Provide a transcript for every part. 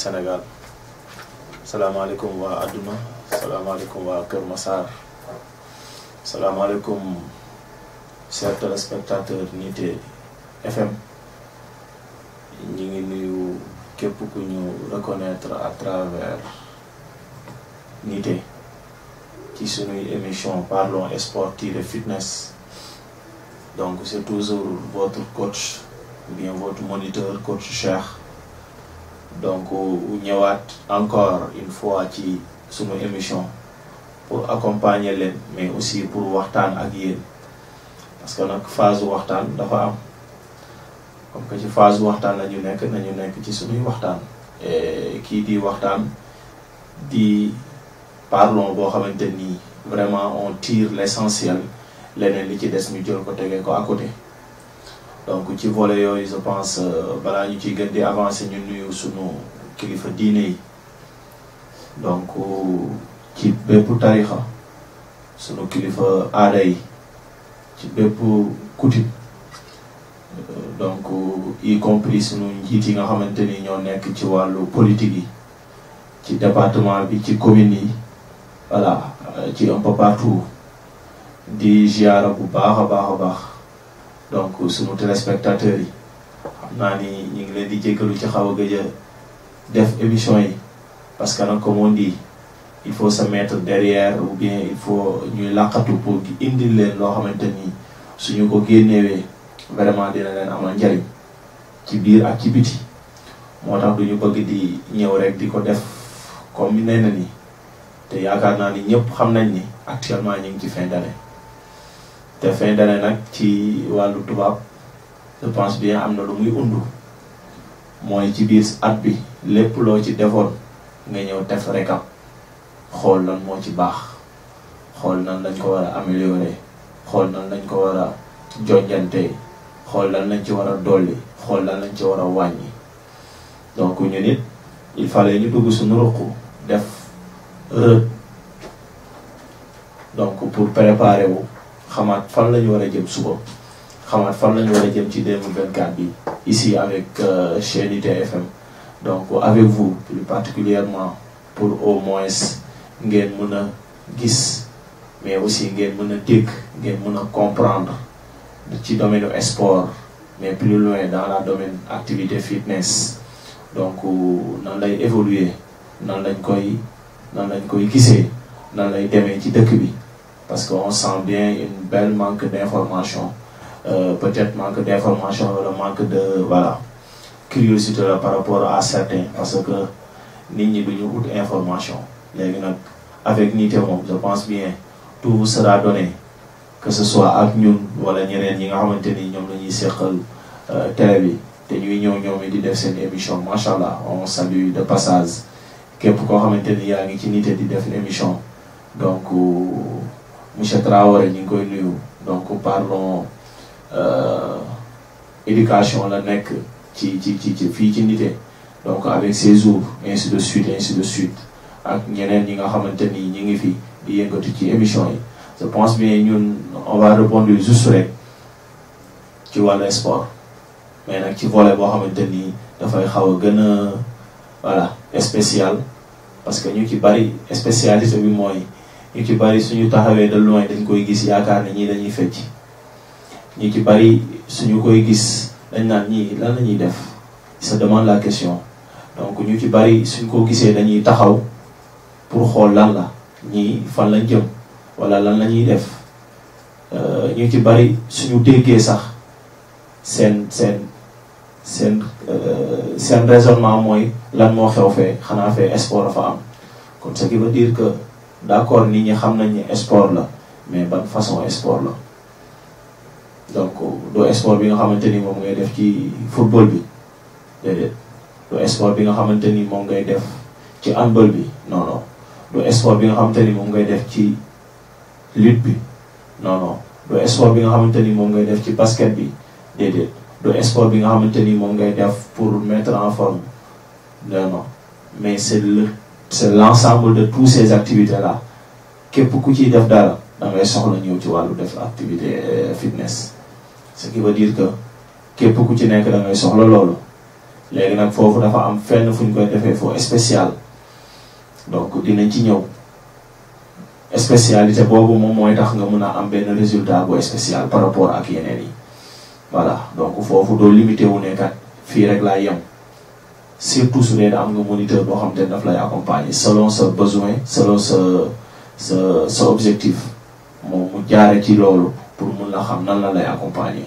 Sénégal wa Aduna. salam alaikum wa kermassar salam alaikum chers téléspectateurs FM ñi ngi nuyu képp reconnaître à travers qui qui sont émission parlons sportif et fitness donc c'est toujours votre coach ou bien votre moniteur coach cher donc ñëwaat encore une fois ci suma émission pour accompagner leen mais aussi pour waxtaan ak yéen parce nag phase waxtaan dafa am comme que ci phase waxtaan la ñu nekk nañu nekk ci sunuy waxtaan kii di waxtaan di parlons boo xamante nii vraiment on tire l'essentiel leneen li ci des ñu jël ko tegee ko à côté donc ci je pense que ñu ci gën di avancer ñu nuyu donc ci bépp tarixa sunu kilifa aada ci donc euh, y compris sunu njiit yi nga xamante ñoo ci politique yi ci département bi ci commune voilà euh, ci un peu partout des ziara bu baax a baax donc sunu téléspectateurs yi xam naa ni ñu ngi leen di jéggalu ci xaw a gëj a def émission yi parce que nag comme on dit il faut se mettre derrière ou bien il faut ñuy làqatu pour gi indi leen loo xamante ni suñu ko génnewee vraiment dina leen amal njariñ ci biir ak ci biti moo tax duñu bëgg di ñëw rek di ko def comme nee na ni te yaakaar naa ni ñëpp xam nañ ni actuellement ñu ngi ci fin d'année te fay nag ci wàllu tubaab je pense bien am na lu muy undu mooy ci biir at bi lépp loo ci defoon nga ñëw def rekam xool lan moo ci baax xool nan lañ ko war a améliorer xool nan lañ ko war a jonjante xool lan lañ ci war a dolli xool lan lañ ci war a wàññi donc ñu nit il ñu dugg suñu ruq def rëdd donc pour préparer wu xamaat fan lañu ñu war a jëm suba xamaat fan lañu ñu war a jëm ci 2024 bi ici avec euh, chaîne TFM? donc avec vous plus particulièrement pour au moins ngeen mën a gis mais aussi ngeen mën a dégg ngeen mën a comprendre ci domaine sport mais plus loin dans la domaine activité fitness donc nan lay évoluer nan lañ koy nan lañ koy gisee nan lay demee ci dëkk bi parce qu'on sent bien une belle manque d'information euh, peut-être manque d'information le manque de voilà curiosité là par rapport à certains parce que nit ñi duñu wut information avec Nitemo je pense bien tout vous sera donné que ce soit ak ñun wala ñeneen ñi nga xamante ni ñoom la ñuy seqal euh, télé bi te ñuy di def on salue de passage qu'est koo xamante ni yaa ngi ci nité di émission donc. Euh, monsieur Traoré ñu ngi koy nuyu donc parlons euh, éducation la nekk ci ci ci fii ci nite donc avec ses jours ainsi de suite ainsi de suite ak ñeneen ñi nga xamante ni ñi ngi fii di yëngatu ci émission yi je pense bien ñun on va répondre juste rek ci wàllu sport mais nag ci volet boo xamante ni dafay xaw a gën a voilà spécial parce que ñu ci bari spécialité bi mooy ñu ci bari suñu taxawee de loin dañ koy gis yaakaar ne ñii dañuy fecc ñu ci bari suñu koy gis dañ naan ñii lan la ñuy def ça demande la question donc ñu ci bari suñ ko gisee dañuy taxaw pour xool lan la ñii fan lañ jëm wala lan la ñuy def euh, ñu ci bari suñu déggee sax seen seen seen euh, seen raisonnement mooy lan moo xew fee xanaa fee espoir a fa am kon ce qui veut dire que d'accord nit ñi xam nañ ni sport la mais ban façon sport la donc do sport bi nga xamanteni mom ngay def ci football bi dedet do sport bi nga xamanteni mom ngay def ci handball bi non non do sport bi nga xamanteni mom ngay def ci lutte bi non non do sport bi nga xamanteni mom ngay def ci basket bi dedet do sport bi nga xamanteni mom ngay def pour mettre en forme non non mais c'est le c'est l'ensemble de tous ces activités là képp ku ciy def daal da ngay soxla ñëw ci wàllu def activité euh, fitness ce qui veut dire que képp ku ci nekk da soxla loolu léegi nag foofu dafa am fenn fu ñu koy defee foo spécial donc dinañ ci ñëw spécialité boobu moom mooy tax nga mun a am benn résultat bu spécial par rapport ak yeneen yi voilà donc foofu doo limité wu fii rek laa yem surtout su dee am nga moniteur boo xam te daf lay accompagner selon sa besoin selon sa sa objectif moom mu jaare ci loolu pour mun la xam nal la lay accompagner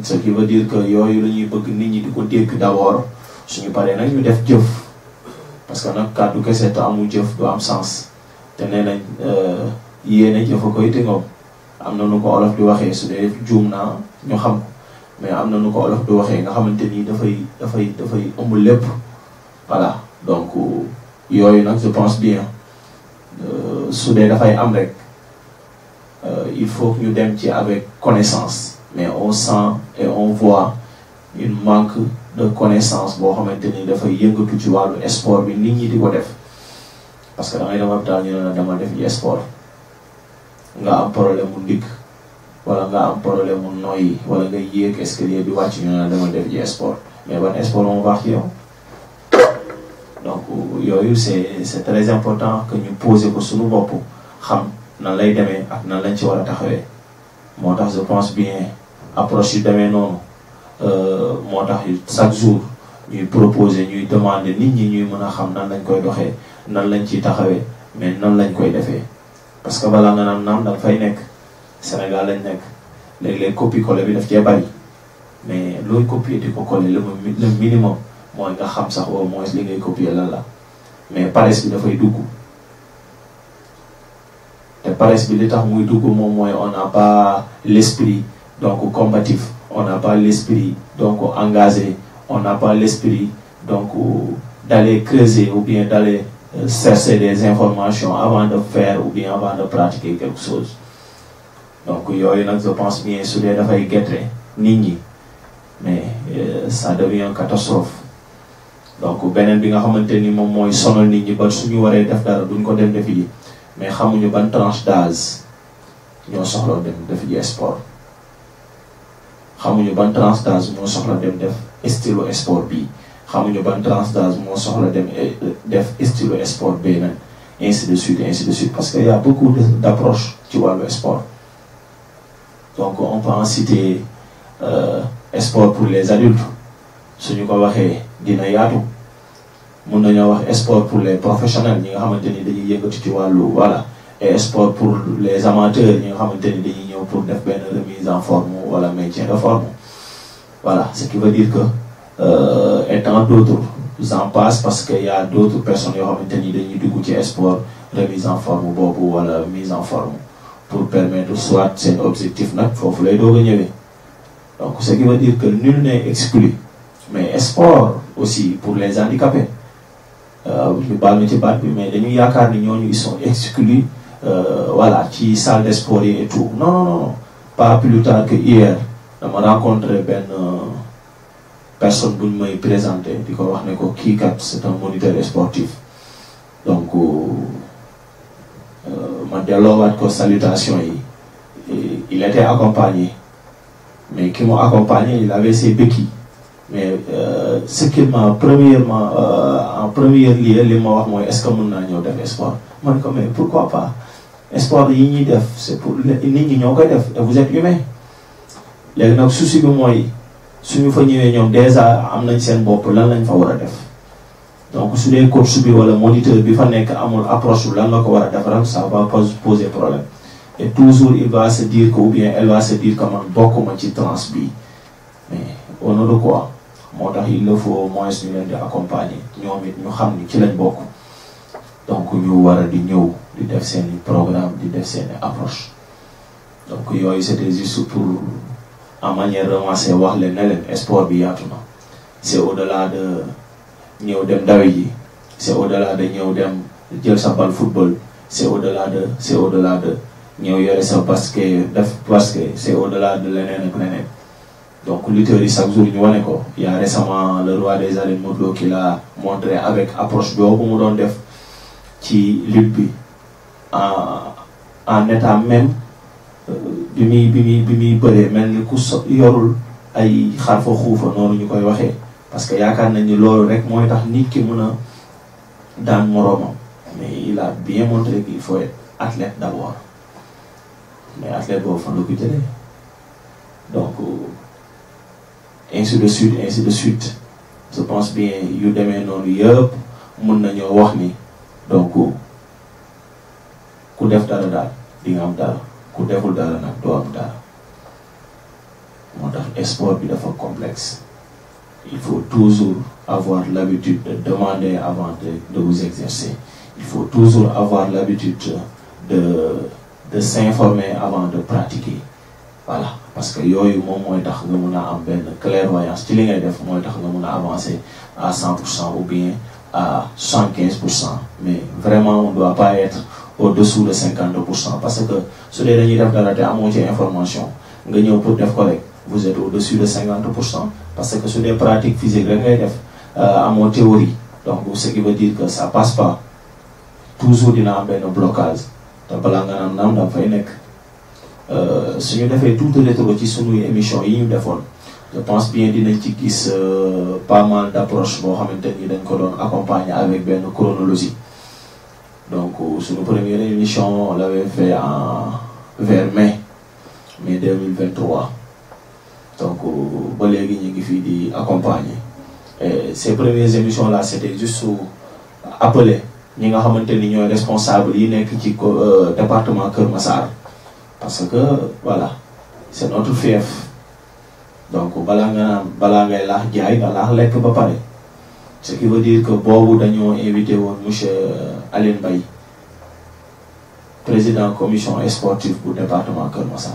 ce qui veut dire que yooyu la ñuy bëgg nit ñi di ko dégg d'abord suñu paree nag ñu def jëf parce que nag kàddu kese te amul jëf du am sens te nee nañ euh, yéene jëf a koy am na nu ko olof di waxee su dee juum naa ñu xam mais am na nu ko olof bi waxee nga xamante ni dafay dafay dafay ëmb lépp voilà donc yooyu nag je pense bien euh, su dee dafay am rek euh, il faut ñu dem ci avec connaissance mais on sent et on voit une manque de connaissance boo xamante ni dafay yëngatu ci wàllu sport bi nit ñi di ko def parce que da ngay dem hôpital ñu ne dama def e sport nga am problème mu ndigg wala nga am problème wala nga ñu dama def sport mais sport donc c'est c'est très important que nous poser ko suñu pour xam nan lay demee ak nan lañ ci je pense bien approche yu demee euh, chaque jour ñuy proposer ñuy demander ñi ñuy mën xam nan lañ koy doxee nan lañ mais nan lañ koy parce que nga naan naam da Sénégal lañ nekk léeg-léeg copie coller bi daf cee bari mais looy copier di ko coller le minimum mooy nga xam sax au moins li ngay copier lan la mais paresse bi dafay dugg te paresse bi li tax muy dugg moom mooy on n'a pas l'esprit donc combatif on n'a pas l'esprit donc engagé on n'a pas l'esprit donc d'aller creuser ou bien d'aller euh, chercher des informations avant de faire ou bien avant de pratiquer quelque chose donc yooyu nag je pense bien su dee dafay gerte nit ñi mais euh, ça devient catastrophe donc beneen bi nga xamante ni moom mooy sonal nit ñi ba suñu waree def dara duñ ko dem defi ji mais xamuñu ban tranche d'âge ñoo soxla dem def ji sport xamuñu ban tranche d'âge moo soxla dem def style sport bii xamuñu ban tranche d'âge moo soxla dem eh, def style sport bee nag ainsi de suite ainsi de suite parce que y a beaucoup d'approches ci wàllu sport donc on peut en citer euh, sport pour les adultes suñu ko waxé dina yaatu mun nañoo wax sport pour les professionnels ñi nga xamanteni dañuy yëngatu ci walu voilà et sport pour les amateurs ñi nga xamanteni dañuy ñëw pour def benn remise en forme wala maintien de forme voilà ce qui veut dire que et euh, tant d'autres en passe parce qu'il y a d'autres personnes yoo xamante ni dañuy dugg ci sport remise en forme boobu wala mise en forme pour permettre soit c'est objectif nag foofu lay de renier donc ce qui veut dire que nul n'est exclu mais sport aussi pour les handicapés je euh, baal ñu mais les milliards ni ils sont exclus euh, voilà qui salle d'espoir sport et tout non non non pas plus tard que hier m'a rencontré ben personne pour me présenter présenté corps wax qui ko c'est un moniteur sportif donc ma delloowaat ko salutation yi il était accompagné mais qui m'ont accompagné il avait ses béquilles mais euh, ce qui m'a premièrement euh, en premier lieu li ma est-ce que mon naa ñëw def espoir man ko mais pourquoi pas espoir yi def c'est pour nit ñi ñoo def vous êtes humain léegi nag souci de moi suñu fa ñëwee ñoom déjà am nañ seen bopp lan lañ fa war def donc su dee coach bi wala moniteur bi fa nekk amul approche lan la ko war a defaral ça va poser problème et toujours il va se dire que ou bien elle va se dire que man bokkuma ci tranche bi mais au nom de quoi moo tax il le faut au moins di accompagner ñoom it ñu xam ni ci lañ bokk donc ñu war di ñëw di def seeni programme di def seeni approche donc yooyu c'était juste pour en manière ramassée wax leen ne leen sport bi yaatu na c'est au-delà de ñëw dem dawi yi c' est au delà de ñëw dem jël sa bal football c' est au delà de c' est au delà de ñëw yore sa basket def basket c' est au delà de leneen ak leneen donc lutteurs yi chaque jour ñu wane ko y' a récemment le roi des arènes Modou qui l'a montré avec approche boobu mu doon def ci lutte bi en en état même euh, bi muy bi muy bi muy bëree mel ni ku yorul ay xar fa xuufa noonu ñu koy waxee parce que y a ni loolu rek mooy tax nit ki mais il a bien montré qu'il faut être athlète d'abord mais athlète boobu fan la donc euh, ainsi de suite ainsi de suite je pense bien yu demee noonu yëpp mun wax ni donc ku def dara daal di nga am dara ku deful dara nag doo am dara moo sport bi dafa complexe il faut toujours avoir l'habitude de demander avant de, vous exercer. Il faut toujours avoir l'habitude de, de s'informer avant de pratiquer. Voilà. Parce que a mom moy tax nga mëna am ben clairvoyance ci li ngay def moy tax nga avancer à 100% ou bien à 115%. Mais vraiment on ne doit pas être au-dessous de 52% parce que ceux des dañuy def dara té amo ci information nga au pour def ko vous êtes au-dessus de 50% parce que sont des pratiques physiques rek ngay à euh, théorie donc ce qui veut dire que ça ne passe pas toujours y a benn blocage dans la nga naan la da fay nekk euh, suñu defee tuuti rétro ci suñuy émission yi je pense bien y ci gis euh, pas mal d'approches pour maintenir une colonne accompagnée ko accompagner avec une chronologie donc la première émission on l'avait fait en vers mai mai 2023 donc les gens qui accompagnent. accompagner ces premières émissions là c'était juste appeler Nous avons été responsables du euh, département de Massar parce que voilà c'est notre fief donc nous nga été balaa ngay ce qui veut dire que nous avons invité Alain monsieur président de la commission sportive le département de Massar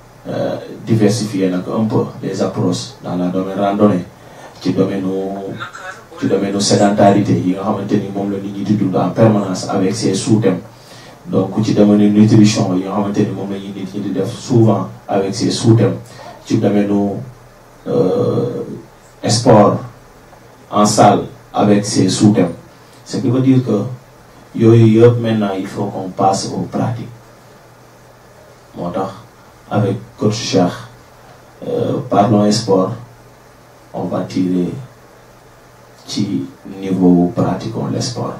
Euh, diversifier un peu les approches dans la domaine randonnée ci domaine ci domaine sédentarité yi nga xamante la nit ñi di en permanence avec ses sous-thèmes donc ci domaine nutrition yi nga xamante ni la souvent avec ses sous-thèmes ci domaine euh, sport en salle avec ses sous-thèmes ce qui veut dire que maintenant il faut qu'on passe aux pratiques mon avec coach Char, euh, parlons esport. on va tirer qui niveau pratiquons le l'espoir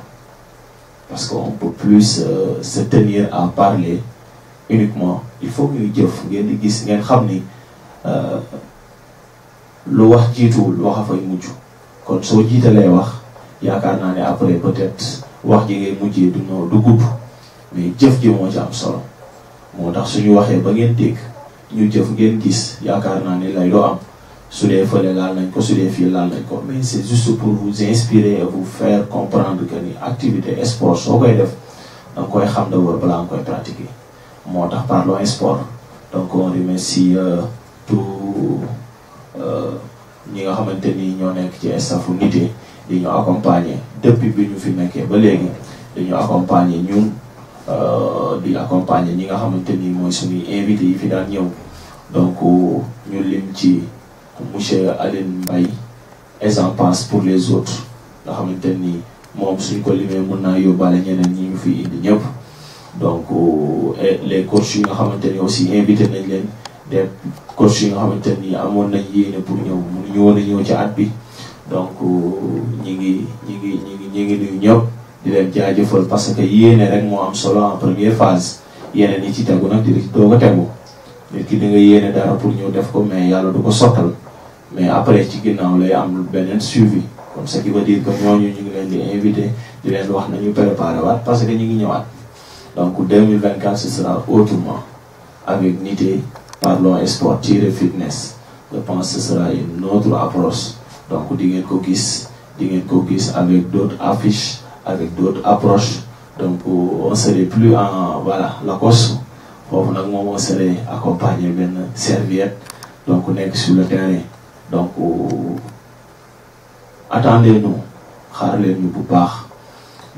Parce qu'on peut plus euh, se tenir à parler uniquement. Il faut ñuy jëf ngeen di gis ngeen xam ni euh, le wax jiituwul wax fay mujj kon soo il wax a naa après peut-être wax ji mujjé du no du gudd mais jëf ji moo ci am solo. motax suñu waxe ba ngeen dégg ñu jëf ngeen gis yaakaar naa ne lay doo am su dee fële laal nañ ko su dee fii laal nañ ko mais c'est juste pour vous inspirer et vous faire comprendre que ni activité sport soo koy def da koy xam d'abord balaa nga koy pratiquer moo tax parlons sport donc on remercie euh, tout ñi nga xamante ni ñoo nekk ci eh, staffu nité di ñu accompagner depuis bi ñu fi nekkee ba léegi ñu accompagner ñun Euh, di accompagner ñi nga xamante ni mooy suñuy invité yi fi daan ñëw donc ñu lim ci monsieur Aline Mbaye exemple passe pour les autres nga xamante ni moom suñ ko limee mën naa yóbbaale ñeneen ñi ñu fi indi ñëpp donc euh, les coachs yi nga xamante aussi invité nañ leen des coachs yi nga xamante ni amoon nañ yéene pour ñëw mënuñu woon ñëw ci at bi donc euh, ñi ngi ñi ngi ñi ngi ñi ñëpp. di leen parce que yene rek mo am solo en première phase yene ni ci tegu nag di do ko tegu nit ki di nga yéene dara pour ñëw def ko mais yalla du ko sottal mais après ci ginnaw lay am benen suivi comme ce qui veut dire que ñoo ñu ngi leen di invité di leen wax nañu préparer waat parce que ñi ngi ñëwaat donc 2024 ce sera autrement avec Nité parlons sport tiré fitness je pense que ce sera une autre approche donc di ngeen ko gis di ngeen ko gis avec d'autres affiches avec d'autres approches. Donc on serait plus en voilà, la course. On serait accompagné serviette donc on est sur le terrain donc euh, attendez-nous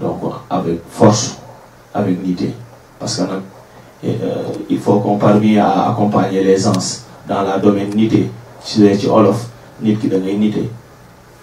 donc avec force avec unité, parce qu'il euh, faut qu'on parvienne à accompagner les dans la domaine de Si olof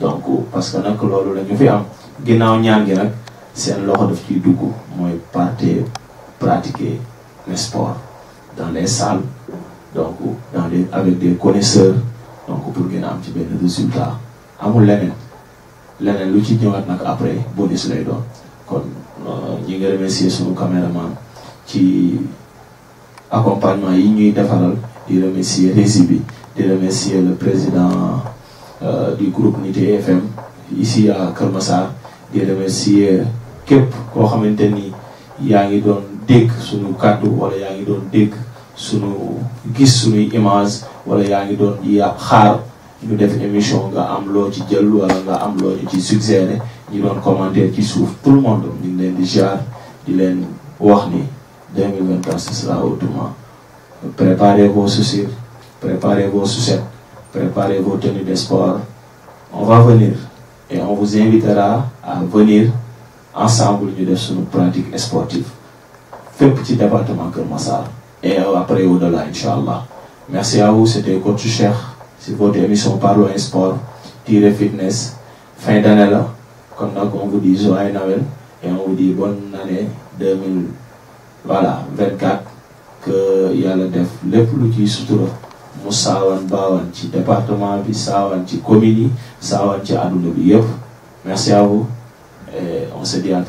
donc parce que nak lolu la ñu fi am ginnaaw ñaan gi nag seen loxo daf ci dugg moy pratiquer le sport dans les salles donc dans les avec des connaisseurs donc pour gën am ci benn résultat amul leneen leneen lu ci ñëwaat nak après bonus lay doon kon euh, ñi ngi remercier sunu cameraman ci accompagnement yi ñuy defaral di remercier régie di remercier le président Eh, di groupe Nité FM ici à ya kermassa di remercier kep ko xamanteni yaangi don deg suñu cadeau wala yaangi don deg suñu gis suñu image wala yaangi don doon yàpp xaar ñu def émission nga am lo ci jël wala nga am lo ci suggéré ñu eh? don commentaire ci souf tout le monde ñu leen di jaar di leen wax ni 2023 ce sera autrement préparez vos soucis préparez vos sucettes préparez vos tenues de sport. On va venir et on vous invitera à venir ensemble sur def nos pratique sportive fait petit département comme ça et après au-delà Inch'Allah. merci à vous c'était coach cher si votre émission Parlons sport tire fitness fin d'année là comme on vous dit joyeux Noël et on vous dit bonne année 2024 voilà a y que le def plus lu mu saawan baawaan ci département bi saawan ci commune yi saawan ci àdduna bi yëpp merci à vous on se dit à